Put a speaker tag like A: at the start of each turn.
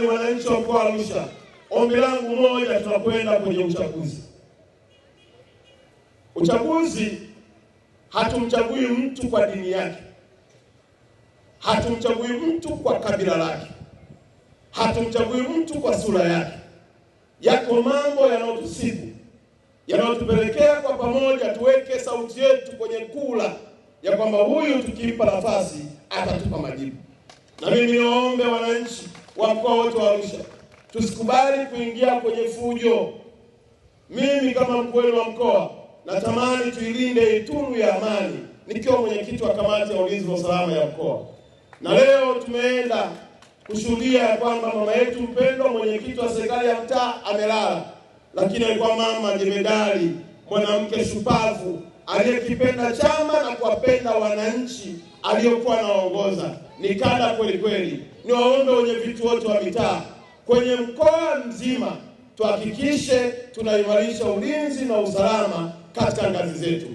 A: ni wananchi wa mkoa wa Arusha, ombi langu moja, tunakwenda kwenye uchaguzi. Uchaguzi hatumchagui mtu kwa dini yake, hatumchagui mtu kwa kabila lake, hatumchagui mtu kwa sura yake. Yako mambo yanayotusibu yanayotupelekea kwa pamoja tuweke sauti yetu kwenye kula ya kwamba huyu tukimpa nafasi atatupa majibu. Na mimi niwaombe wananchi wa mkoa wote wa Arusha, tusikubali kuingia kwenye fujo. Mimi kama mkuu wenu wa mkoa natamani tuilinde Itunu ya amani, nikiwa mwenyekiti wa kamati ya ulinzi na usalama ya mkoa, na leo tumeenda kushuhudia ya kwamba mama yetu mpendwa, mwenyekiti wa serikali ya mtaa amelala, lakini alikuwa mama jemedali, mwanamke shupavu aliyekipenda chama na kuwapenda wananchi aliyokuwa anaongoza. Ni kada kweli kweli. Ni waombe wenye viti wote wa mitaa kwenye mkoa mzima, tuhakikishe tunaimarisha ulinzi na usalama katika ngazi zetu.